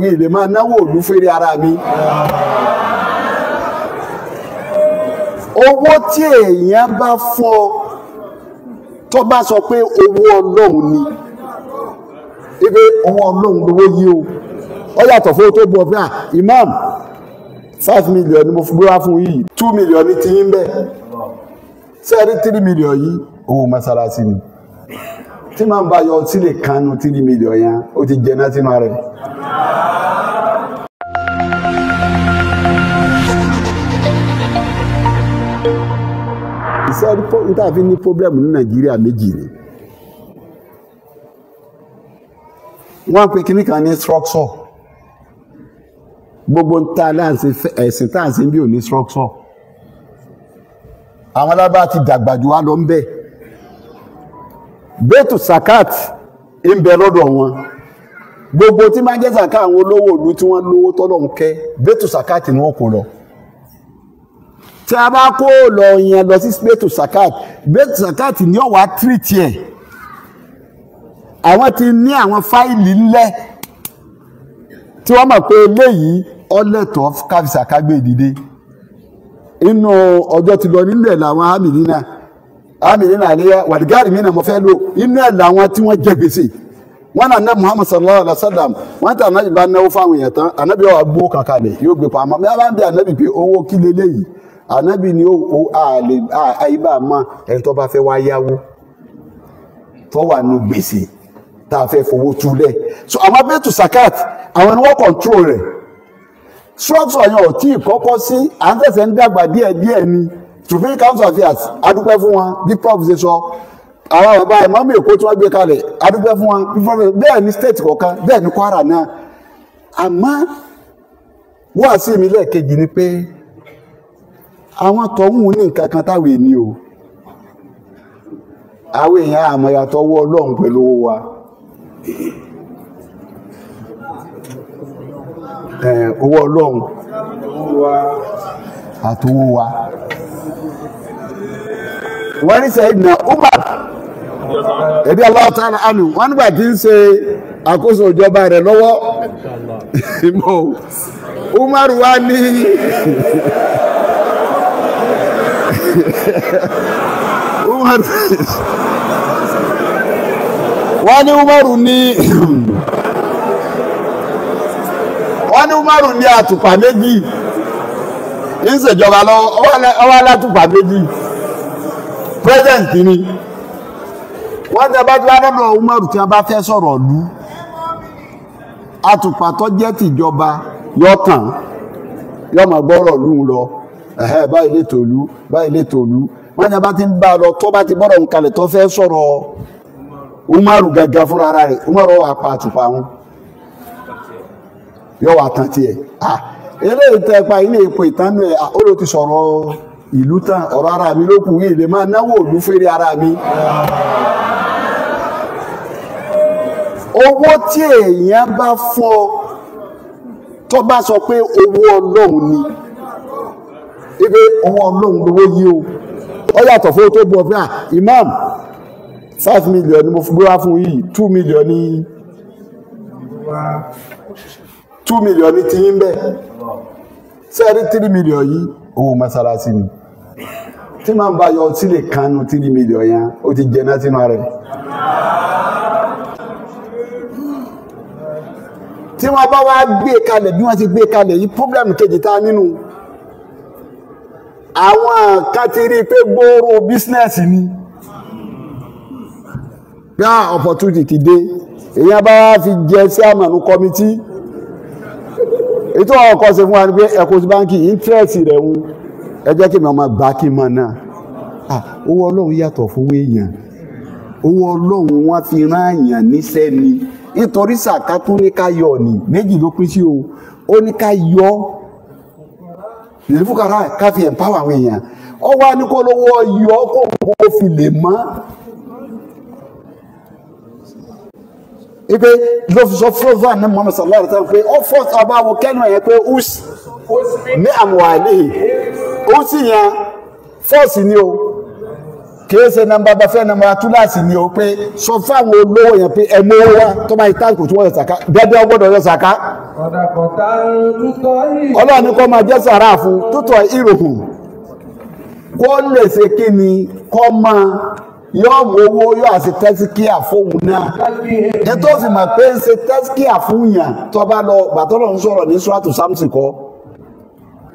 mi ì lè máa náwó òlú fèrè ara mi. owó tí èèyàn bá fún ọ tó bá sọ pé owó ọlọ́run ni ibi owó ọlọ́run lówó yí o ó yàtọ̀ fún tó bọ̀ bíà ah, imam five million ni mo fi búra fún yìí two million ni ti yín bẹ́ẹ̀ sẹ́ẹ̀rí three million yìí owó mọ́sálásí ni tí màá bá yọ ọtí lè kanu tírí mílíọ̀n yẹn ó ti jẹ náà sínú rẹ̀. ìsọdí ìtàfin ní pọ́blẹ́mù ní nàìjíríà méjì ni wọ́n pe kíní kan ní structure gbogbo ntá ẹ̀sìn tá à ń ṣe bí ò ní structure àwọn alábàá ti dàgbà jù lọ ń bẹ́ẹ̀. bẹ́tù zakat ń bẹ lọ́dọ̀ wọn gbogbo tí máa ń jẹ́ zakat àwọn olówó ìlú tí wọ́n lówó tọ́lọ̀ ń kẹ́ bẹ́tù zakat ni wọ́n kó lọ tí a bá kó lọ yẹn lọ sí bẹ́tù zakat bẹ́tù zakat ni ó tírìtì ẹ̀ àwọn ti ní àwọn fáìlì ńlẹ̀ tí wọ́n mọ̀ pé eléyìí ọlẹ́tọ̀ káfíṣà kágbé ìdìde inú ọjọ́ ti lọ nílẹ̀ làwọn àmì amiri na aliya wadigari mi na mo fẹ́ lò inú ẹ̀ làwọn tí wọ́n jẹ gbèsè wọn náà ná muhammad sallallahu alaihi wa sallam wọn tẹ anabi bá náwó fáwọn èèyàn tán anabi wa gbó kàkà lẹ yóò gbé pamọ́ bí a bá ń bẹ anabi pé owó kí leléyìí anabi ni ó àlè àyíbá mọ ẹni tó bá fẹ́ wá yáwó tó wà nù gbèsè tá a fẹ́ fowó túlẹ̀ so àwọn bẹ́tù sakat àwọn ni wọ́n control rẹ̀ structure yẹn ò tí ì kọ́kọ́ sí à ń tẹ̀sẹ̀ ń dàgbà díẹ̀díẹ̀ ni supreme council of affairs adúpẹ́ fún wọn bí prof ṣe sọ àwọn bàbá ìmọ̀mí èkó tí wọ́n gbé kalẹ̀ adúpẹ́ fún wọn bí prof bẹ́ẹ̀ ni state kọ̀ọ̀kan bẹ́ẹ̀ ni kwara náà àmọ́ wọ́n àti èmi lẹ́ẹ̀kejì ni pé àwọn tọ̀hún ní nǹkan kan táwọn ènìyàn o àwọn èèyàn àmọ̀yàtọ̀ ọwọ́ ọlọ́run pẹ̀lú owó wa owó ọlọ́run àtowó wa wani Sayyidina Umar ebi Allah ta'ala anu wọn gbà tí ń ṣe àkóso ìjọba rẹ̀ lọ́wọ́ ìmọ̀ Umar wa ni Umar Umaru ni wọ́n ní Umaru ní àtùpà méjì ń ṣèjọba lọ́wọ́ ọwọ́ president ni wọ́n tẹ bá ti wá dọ́dọ̀ Umaru tí wọ́n bá fẹ́ sọ̀rọ̀ lú àtùpà tó jẹ́ tìjọba yọkàn yọmọ gbọ́rọ̀ lù ń lọ báyìí lè tòlú báyìí lè tòlú wọ́n tẹ bá ti ń bá a lọ tó bá ti bọ́rọ̀ nkalẹ̀ tó fẹ́ sọ̀rọ̀ Umaru gàgà fúnra rẹ̀ Umaru wà pa àtùpà wọn yọ wà tán tiẹ̀ eléyìí tẹ pa ilé ìpò ìtànú ẹ̀ ó ló ti sọ̀rọ̀ ọ́ ìlú tán ọ̀rọ̀ ara mi ló kù yìí lè máa náwó òlú fèrè ara mi. owó tí èèyàn bá fún ọ tó bá sọ pé owó ọlọ́run ni ibi owó ọlọ́run lówó yìí o ó yàtọ̀ fún tó bu fún à ah, imam five million ni mo fi gbéra fún yìí two million ni two million ni ti yín bẹ́ẹ̀ sẹ́ẹ̀rí three million yìí owó mọ́sálásí ni tí màá bá yọ ọtí lè kanu three million yẹn ó ti jẹ náà sínú rẹ. tí wọ́n bá wá gbé kalẹ̀ bí wọ́n ti gbé kalẹ̀ yìí problem kejì ta nínú àwọn kan ti rí i pé gbòòrò bísínẹ́sì ni bí a opportunity ti dé èyí bá wá fi jẹ sí àmàlù kọ́mítì ètò ọkọ̀ ṣe fún wa ni pé ẹ̀kọ́ ti báńkì interest rẹ̀ wù ẹ jẹ́ kí mi ọmọ gbà kí n mọ̀ náà owó ọlọ́run yàtọ̀ fowó èèyàn owó ọlọ́run wọn fi rán àyàn níṣẹ́ ni nítorí sàká tó ní ká yọ ni méjì ló pín sí o ó ní ká yọ ìlúfúkàrà ká fi empower àwọn èèyàn ó wá ní kó lówó yọ kó kó fi lè mọ́ ipe ló fi ní mọ́mọ́ sàlọ́ àti sàlọ́ pé ó fọ́ ọba àwọn kẹ́nu ẹ̀ pé us ní àwọn àlè ó sì yan fọ́ọ̀sì ni o kìí ṣe nàmbà bá fẹ́ nàmbà túláàsì ni o pé sọ fáwọn olówó yẹn pé ẹmọ owó wa tó máa ta kò tí wọ́n yọ sàká dẹ́dẹ́ ọgbọ́dọ̀ yọ sàká. ọlọ́run ní kó máa jẹ́ sàrà fún tútọ̀ ìròhùn kó lè ṣe kí ni kó máa yóò mú owó yóò àti tẹ́síkíà fóun náà ní tó pé ń ṣe tẹ́síkíà fún yàn tó lọ bàtọ́lọ̀ ń sọ̀rọ̀ ní sùràtù sámsì kọ́.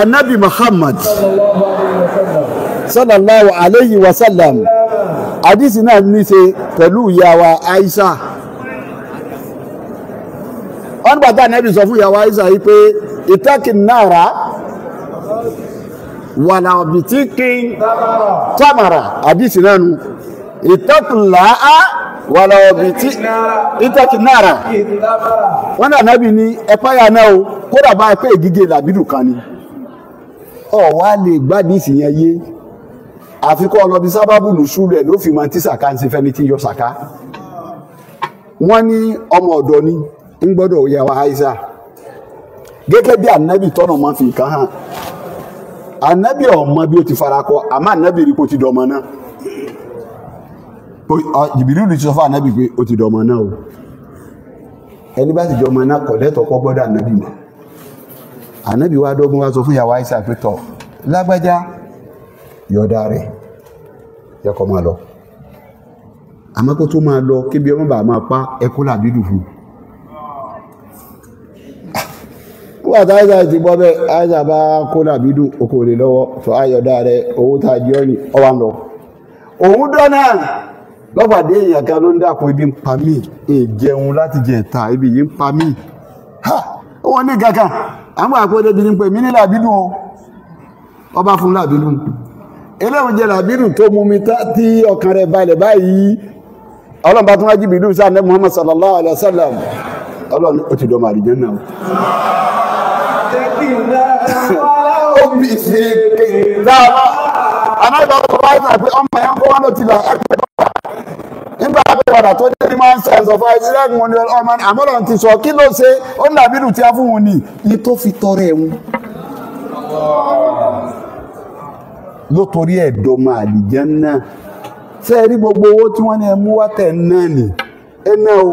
anabi muhammad sallallahu alayhi wa sallam àdìsí náà ní ṣe pẹ̀lú ìyá wa aisha wọ́n gbàtà anabi sọ fún ìyá wa aisha yìí pé ìtàkì náírà wàlà ọ̀bìtì kí tamara àdìsí náà nù ìtàkùn làá. wala obi tí ìtàkì nara. wọn náà nábì ní ẹ̀páyà náà o kódà bá pé ìgígé làbídù kan ni ọ̀wá lè gbádìsì yẹn yé àfikọ́ ọlọ́bí sábàbù lùsù rẹ̀ ló fi máa ń tí sàká ń ṣe tí yọ sàká wọ́n ní ọmọ ọdọ ni ń gbọ́dọ̀ yà wá Aisha gẹ́gẹ́ bí ànábì tọ́nà máa fi nǹkan hàn ànábì ọmọ bí o ti farakọ àmọ́ ànábì rí kó ti dọ̀mọ náà. jìbìrìlù ti sọ fún ànábì pé ó ti dọmọ náà o ẹni bá ti jọmọ náà kọ̀ lẹ́tọ̀ọ́ kọ́ gbọ́dọ̀ ànábì mọ́ ànábì wa dọ́gbọ́n wa sọ fún ìyàwó àìsàn pé tọ̀ lágbájá yọ̀ọ̀dá rẹ̀ yẹkọ̀ máa lọ àmọ́ kó tó máa lọ kébi ọmọ bàá máa pa ẹkú làbí dùn fún wà tá ti bọ́ bẹ́ẹ̀ àìsà bá kó làbí dùn okòó lọ́wọ́ tó ayọ̀dá rẹ̀ owó tá a jẹ́ ọ̀nì ọwà ń lọ òun dọ́nà lọ́pàdé èèyàn kan ló ń dàpọ̀ ibi ń pa mí ìjẹun láti jẹ ẹ̀ta ibi yìí ń pa mí ó wọ́n ní kankan àwọn àpòdé bi ni pé mí ní làbínú o ọba fún làbínú eléwọ̀n jẹ làbínú tó mú mi tí ọkàn rẹ̀ balẹ̀ báyìí ọlọ́run bá tún wájú bìdú sáà ní Muhammad sallallahu alayhi wa sallam ọlọ́run ó ti dọ̀ màrí jẹ́ náà. ó bì í ṣe kéńtà anáyọ̀ ọ̀pọ̀ báyìí sàpé ọmọ ẹ̀ ń kọ́ wọn ló ti là á pẹ̀lú padà tó jẹ́ human sense of isaac wọn ni ọmọ ní àmọ́lọ̀ ti sọ kí ló ṣe ó ń dàbí ìlú tí a fún wọn ni ni tó fi tọrẹ ẹ̀wọ̀n ló torí ẹ̀dọ́ máa dìjẹ́ náà ṣe rí gbogbo owó tí wọ́n ní ẹmú wá tẹ̀ náà ni ẹ náà o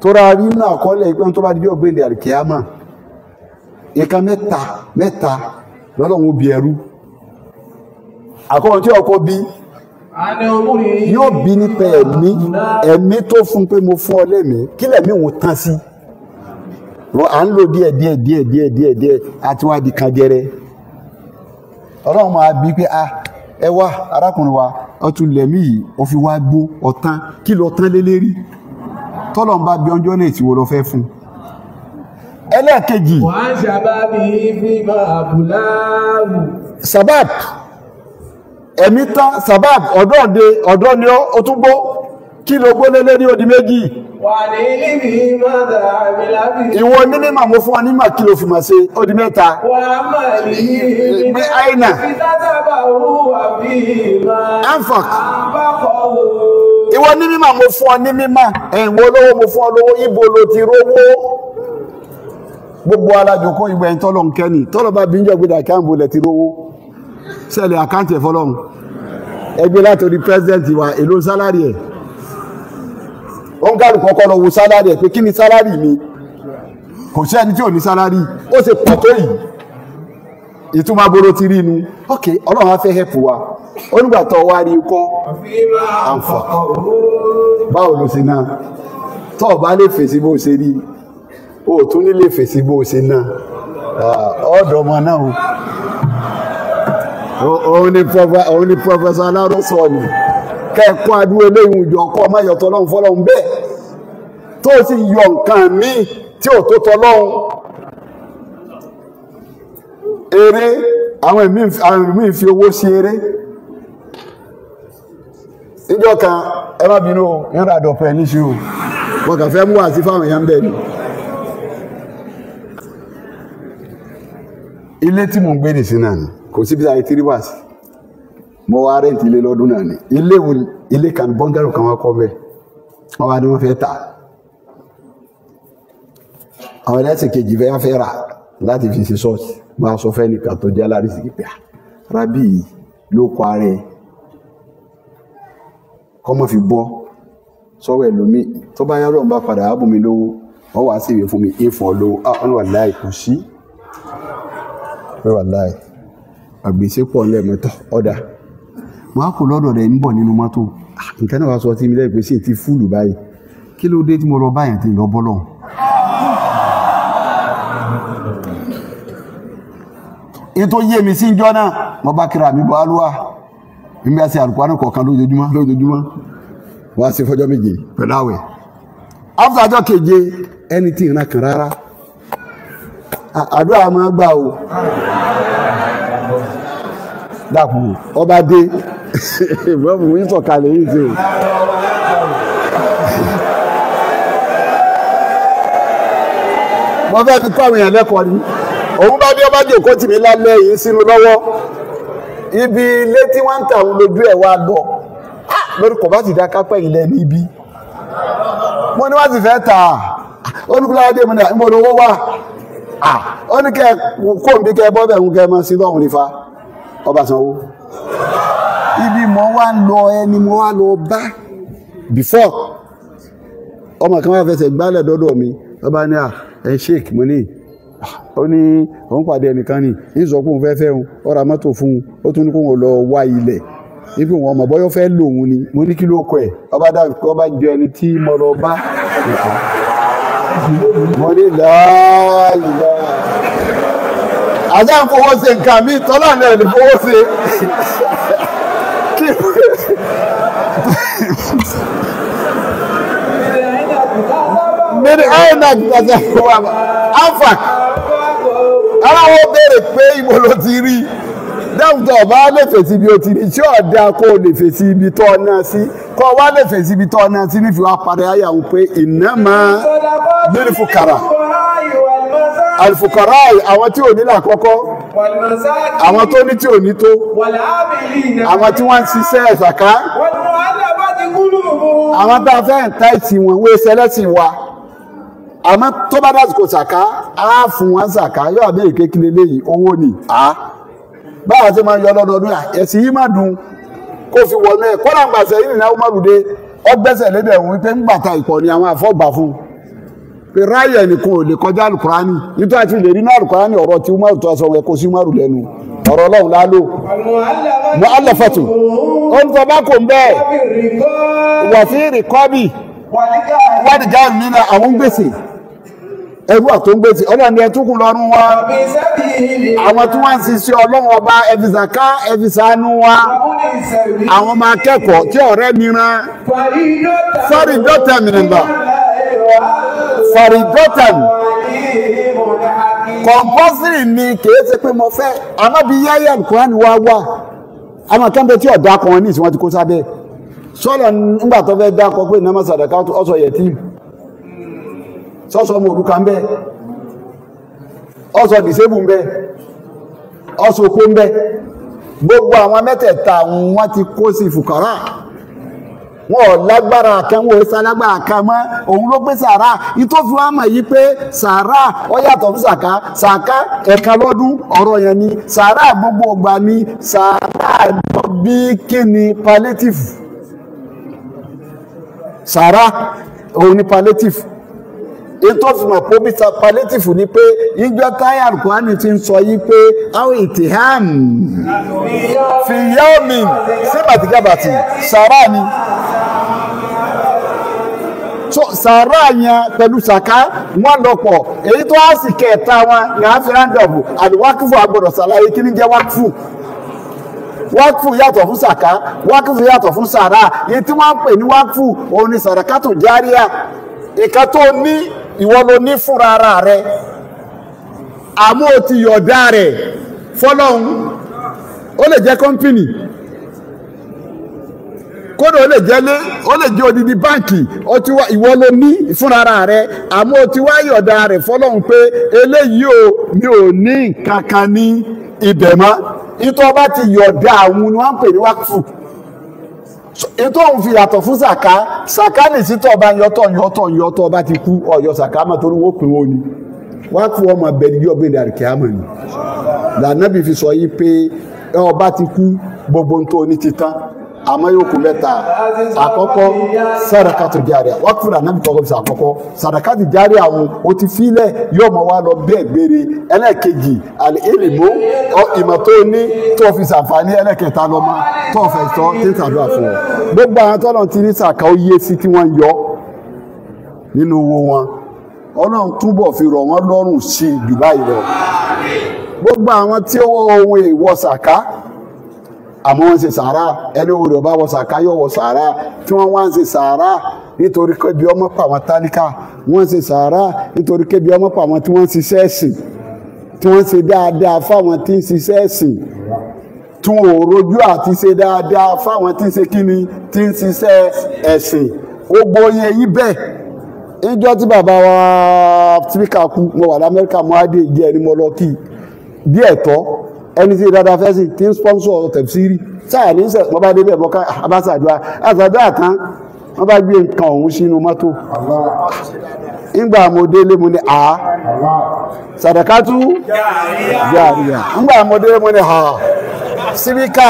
tó ra rí nínú àkọọ́lẹ̀ ìpẹ́ tó bá di bí ọ̀gbìn ìdí ìka mẹ́ta mẹ́ta ẹrú tí ọkọ̀ yóò bí nípa ẹ̀mí ẹ̀mí tó fún pé mo fún ọ lẹ́mìí kí lẹ́mìí wò tán sí à ń lò díẹ̀ díẹ̀ díẹ̀ díẹ̀ díẹ̀ díẹ̀ àti wá di kan gẹ́rẹ́ ọlọ́run máa bí pé a ah, ẹ wá arákùnrin wa ọtún lẹ́mí yìí ó fi wá gbó ọ̀tán kí lọ tán lé lérí tọ́lọ̀ ń bá bí ọjọ́ náà ti wo lọ fẹ́ fún un ẹlẹ́ẹ̀kejì. wọ́n á ṣàbábí fífa àbúláàbù. sabab ẹ̀mí tá sabab ọ̀dọ́ de ọ̀dọ́ ni ó tún gbó kí ló gbó lélé ní odi méjì ìwọ ní mímọ̀ mo fún ọ nímọ̀ kí ló fi mọ̀ sí odi mẹ́ta aina anfak ìwọ ní mímọ̀ mo fún ọ ní mímọ̀ ẹ̀wọ̀n olówó mo fún ọ lówó ibo lo ti rówó gbogbo alájòkó ìgbẹ̀yìn tọ́lọ̀ ń tọ́lọ̀ bá bí ń jọ gbé dàkẹ́ àǹbò lẹ̀ ti rówó sẹ́ẹ̀lì àkáǹtì ẹ̀ fọlọ́run ẹgbẹ́ látòrí president wa èló sálárì ẹ̀ ó ń kálù kọ́kọ́ lọ wo sálárì ẹ̀ pé kí ni sálárì mi kò sẹ́ni tí ò ní sálárì ó ṣe pọ̀ tó yìí ìtumọ̀ aboro ti rí inú ok ọlọ́run á fẹ́ help wa ó nígbà tó wá rí kọ́ àǹfà báwo ló ṣe náà tó o bá lè fèsì bó o ṣe rí o tún nílé fèsì bó o ṣe náà ọ̀dọ̀ ọmọ náà o òun ni òun ni pọfẹsọ aláró sọ ni kẹ́ẹ̀kọ́ adúró léyìn ìjọ ọkọ ọmọ ìyọ̀tọ̀ ọlọ́run fọlọ́run bẹ́ẹ̀ tó sì yọ nǹkan míì tí ò tó tọlọ́run eré àwọn míì fi owó sí eré níjọ́ kan ẹ má bínú o ń ra àdọ̀pọ̀ ẹ̀ níṣu o wọn kàn fẹ́ mú àti fáwọn èèyàn bẹ́ẹ̀ ni. ilé tí mò ń gbé nìsín náà ni kò síbi àyè tírí wá sí mo wá rẹ́ǹtì ilé lọ́dún náà ni ilé wo ilé kan bọ́ngàrò kan wá kọ́ bẹ́ẹ̀ wọ́n wá ní wọ́n fẹ́ tà àwọn ẹlẹ́sìn kejì fẹ́ fẹ́ rà láti fi ṣe ṣọ́ọ̀ṣì máa sọ fẹ́ nìkan tó jẹ́ alárìsíkì pé ah, rábì ló kọ ara ẹ̀ kọ́mọ fi bọ́ sọ́wọ́ ẹlòmíì tó bá yá lọ́nba padà á bù mí lówó wọ́n wá sí ìwé fún mi éfọ̀ lówó á wà láì kò sí wọ́n wà láì. àgbèsè pọ̀ lẹ́ẹ̀mẹ́tọ̀ ọ̀dà mo á kó lọ́dọ̀ rẹ̀ ń bọ̀ nínú mọ́tò ah, nǹkan náà wá sọ tí mi lẹ́yìn pé sí ti fúlù báyìí kí ló dé tí mo lọ báyìí tí lọ bọ́ lọ. ètò yé mi sí ń jọ́ náà mo bá kíra mi bọ́ alúwa mi bá ṣe àlùkò àná kọ̀ọ̀kan lójoojúmọ́ lójoojúmọ́ wá sí fọjọ́ méje pẹ̀lú àwẹ̀ keje ẹni tí dàpọ̀ ọba dé ìbọ̀bù mi sọ̀kalẹ̀ yìí ṣe. mo fẹ́ fi kọ́ àwọn èèyàn lẹ́kọ̀ọ́ ni òun bá dé ọba jòkó tì mí lálẹ́ yìí sínú lọ́wọ́ ibi ilé tí wọ́n ń tà òun lójú ẹ̀ wá gọ̀ ah! lórí kò bá ti dá kápẹ́ ilẹ̀ níbí mo ní wá sì fẹ́ tà á ah! olùkúláwádé mi ní ìmọ̀lówó wà ah! ó ní kẹ́ kó ń bí kẹ́ bọ́ bẹ̀ ń kẹ́ mọ́ sí lọ́hùn nífa ọba sanwó ibi mo wá lọ ẹni mo wá lọ bá before ọmọ kan wá fẹsẹ̀ gbálẹ̀ dọ́dọ̀ mi ọba ní à ah, ẹ ṣèkì mo ní ah, ó ní òun pàdé ẹnìkan ni ìzọkùn fẹ́fẹ́ òun ọ̀rà mọ́tò fún un ó tún ní kó wọn lọ wá ilẹ̀ ibi wọn ọmọ bọyọ fẹ́ lò òun ni mo ní kí ló kọ ẹ ọba dàbí kí ọba jẹ ẹni tí mo lọ bá mo ní láàyè láàyè ajá ń fowó ṣe nǹkan mi tọ́lá náà ní fowó ṣe mẹ́rin ẹ̀rọ náà gbàgbà wà áfàk aláwọ̀ béèrè pé ìbò ló ti rí dáhùntọ̀ ọba lè fèsì ibi ó ti rí tí ọ̀dà kó o lè fèsì ibi tó ọ̀nà sí kó o wá lè fèsì ibi tó ọ̀nà sí nífi wá parí ayàwó pé ìnáma lórí fún kàrà alifukarai àwọn tí ò ní làkọ́kọ́ àwọn tó ní tí ò ní tó àwọn tí wọ́n ń ṣiṣẹ́ ẹ̀sàká àwọn tá a fẹ́ ẹ̀ǹtáìtì wọn wọ́n ṣe ẹlẹ́sìn wa àmọ́ tó bá dásìkò ṣàká á fún wọn ṣàká yóò àbẹ́yẹ kékeré léyìí owó ni á báwa ṣe máa ń yọ lọ́dọọdún ẹ̀sìn yìí má dùn kó fi wọlé kó làǹgbàṣẹ́ yìí nìyàwó má ọgbẹ́sẹ̀ lébẹ̀ òun pé ń gbàta ìkọ̀ ni àwọn àfọ́gbà fún un pé ráyà nìkan ò lè kọjá alukurani nítorí àti lè rí náà alukurani ọ̀rọ̀ tí umaru tó aṣọ rẹ̀ kó sí umaru lẹ́nu ọ̀rọ̀ ọlọ́run lálò mọ́ alẹ́fẹ̀tù ó kò ń bẹ́ẹ̀ wà sí rìkọ́bì wádìíjà nínú àwọn gbèsè ẹrú àtó gbèsè ọ̀nà ni ẹtúkù lọ́rùn wa àwọn tí wọ́n ń ṣiṣẹ́ ọlọ́run ọba ẹ̀fìsàká ẹ̀fìsàánú wa àwọn ọmọ akẹ́kọ̀ọ́ tí ọ̀rẹ́ mìíràn sọ́rí dọ́tà mìíràn faridọ́tàn compulsory mi kìí ṣe pé mo fẹ́ anábì yáyà nǹkan wá wà àwọn kan tí ọ̀dà kan ní ìsìn wọn ti kó sábẹ́ sọ́lọ̀ nígbà tó fẹ́ pé ọ̀sọ̀ bẹ ọ̀sọ̀ dìsébù ń ọ̀sọ̀ ń gbogbo àwọn mẹ́tẹ̀ẹ̀ta wọn ti kó wọn ò lágbára kan wọn ò sálágbára kan mọ́ òun ló gbé sàrà ìtòfin wa mọ̀ yìí pé sàrà ó yàtọ̀ fún sàká sàká ẹ̀ka lọ́dún ọ̀rọ̀ yẹn ni sàrà gbogbo ọgbà ni sàrà lọ bí kíni palliative sàrà òun ni palliative ètò ìfìmọ̀ pọ́bíta palliative ni pé ìjọ táyà alukuhani ti ń sọ yìí pé àwọn ìtìhàn fìyàmì síbàtìkàbàtì sàrà ni so sàárà yẹn pẹ̀lú sàká wọn lọ pọ̀ èyí tó á sì kẹta wọn yàn á fi rándọ̀bù àdìwákùfù agbọ̀dọ̀ sàlàyé kí ni jẹ́ wákùfù wákùfù yàtọ̀ fún sàká wákùfù yàtọ̀ fún sàrà yìí tí wọ́n ń pè ní wákùfù òun ni sàràká tó járíà ìka tó ní ìwọ ló ní fúnra ara rẹ àmọ́ ò ti yọ̀dá rẹ̀ fọlọ́hún ó lè jẹ́ kọ́ńpìnì kódà ó lè jẹ́ lé ó lè jẹ́ odidi báǹkì ó ti wá ìwọ ló ní fúnra rẹ àmọ́ ó ti wá yọ̀dà rẹ̀ fọlọ́run pé eléyìí ò mi ò ní nǹkan ní ibẹ̀ mọ́ ìtọ́ bá ti yọ̀dà àwọn ni wọ́n ń pè ní wákùfù ètò òun fi yàtọ̀ fún sàká sàká ní sítọ̀ bá yọtọ̀ yọtọ̀ yọtọ̀ bá ti kú ọ̀yọ́ sàká mọ̀ torí wọ́n pin wọn ni wọ́n ọmọ abẹ́ni yóò gbẹ̀dẹ̀ àríkẹ́ àmọ̀ ni lànà bí fi sọ yìí pé ọba ti kú gbogbo ntọ́ ní ti tán àmọ́ yóò kú mẹ́ta àkọ́kọ́ sadakatu jariya wákìtí fúnra nàbì tọ́kọ́ fi sàkọ́kọ́ sadakatu jariya àwọn o ti filẹ̀ yóò mọ̀ wá lọ bẹ́ẹ̀ gbére ẹlẹ́ẹ̀kejì àlẹ́ èlìbó ìmọ̀ tó ní tó fi sàǹfààní ẹlẹ́ẹ̀kẹta lọ́mọ tó fẹ́ sọ tí sàdúrà fún ọ gbogbo àwọn tọ́lọ̀ ti ní sàkà ó yé sí tí wọ́n yọ nínú owó wọn ọlọ́run túbọ̀ fi rọ̀ wọ́n lọ́rùn sí jù báyìí gbogbo àwọn tí ó wọ ohun ìwọ sàká àmọ́ wọ́n ń ṣe sàárà ẹni òwúrò bá wọ sàkáyọ̀ wọ sàárà tí wọ́n wá ń ṣe sàárà nítorí kébi ọmọ pa àwọn tálíkà wọ́n ń ṣe sàárà nítorí kébi ọmọ pa àwọn tí wọ́n ń ṣiṣẹ́ ẹ̀sìn tí wọ́n ń ṣe dáadáa fáwọn tí ń ṣiṣẹ́ ẹ̀sìn tí wọ́n rojú àti ṣe dáadáa fáwọn tí ń ṣe kíni tí ń ṣiṣẹ́ ẹ̀sìn gbogbo yẹn yí bẹ́ẹ̀ ìjọ tí bàbá wa tíríkà kú mo wà lamẹ́ríkà mo á dé ìjẹ́ ẹni mo lọ kí díẹ̀ tọ́ ẹni tí dáadáa fẹ́ sí tí ń sponsor ọ̀rọ̀ tẹ̀síìrì sáà ní sẹ̀ wọ́n bá débẹ̀ bọ́ ká abáṣàdúrà àṣàdúrà tán wọ́n bá gbé nǹkan ọ̀hún sínú mọ́tò ńgbà mo délé mo ní àá sàdàkátú jàríyà ńgbà mo délé mo ní àá síríkà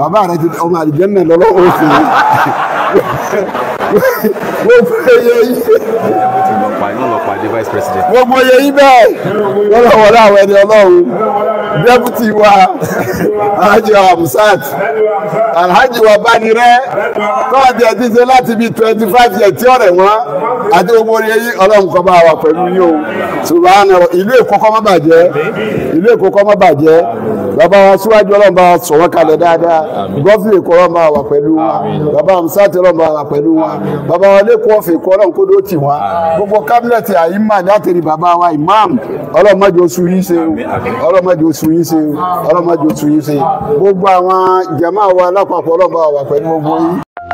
bàbá rẹ ti ọmọ àlìjẹ́nà lọ́wọ́ oṣù gbogbo ẹyẹ yìí. gbogbo ẹyẹ yìí bẹ́ẹ̀ lọ́wọ́ láwọn ẹni ọlọ́run dẹ́pútì wa alhaji wa musat alhaji wa banirẹ tọ́ọ̀dì ẹ̀dí ṣe láti bíi twenty five years tí ọ̀rẹ́ wọn àti gbogbo ẹyẹ yìí ọlọ́run kọ́ bá wà pẹ̀lú yìí o ṣùgbọ́n ìlú Èkó kọ́ má bàjẹ́ ìlú Èkó kọ́ má bàjẹ́ bàbá wa síwájú ọlọ́run bá sọ̀rọ̀ kalẹ̀ dáadáa. gọ́fìlì kọ́rọ̀ máa wà pẹ̀lú wa bàbá amsátẹ́rọ̀ máa wà pẹ̀lú wa bàbá wa lẹ́kọ̀ọ́ fè kọ́rọ̀ kó ló tì wá gbogbo kábínẹ̀tì látẹ̀rí bàbá wa imam ọlọ́mọdé oṣù yìí ṣe ọlọ́mọdé oṣù yìí ṣe ọlọ́mọdé oṣù yìí ṣe gbogbo àwọn jàmáà wà pẹ̀lú gbogbo yìí.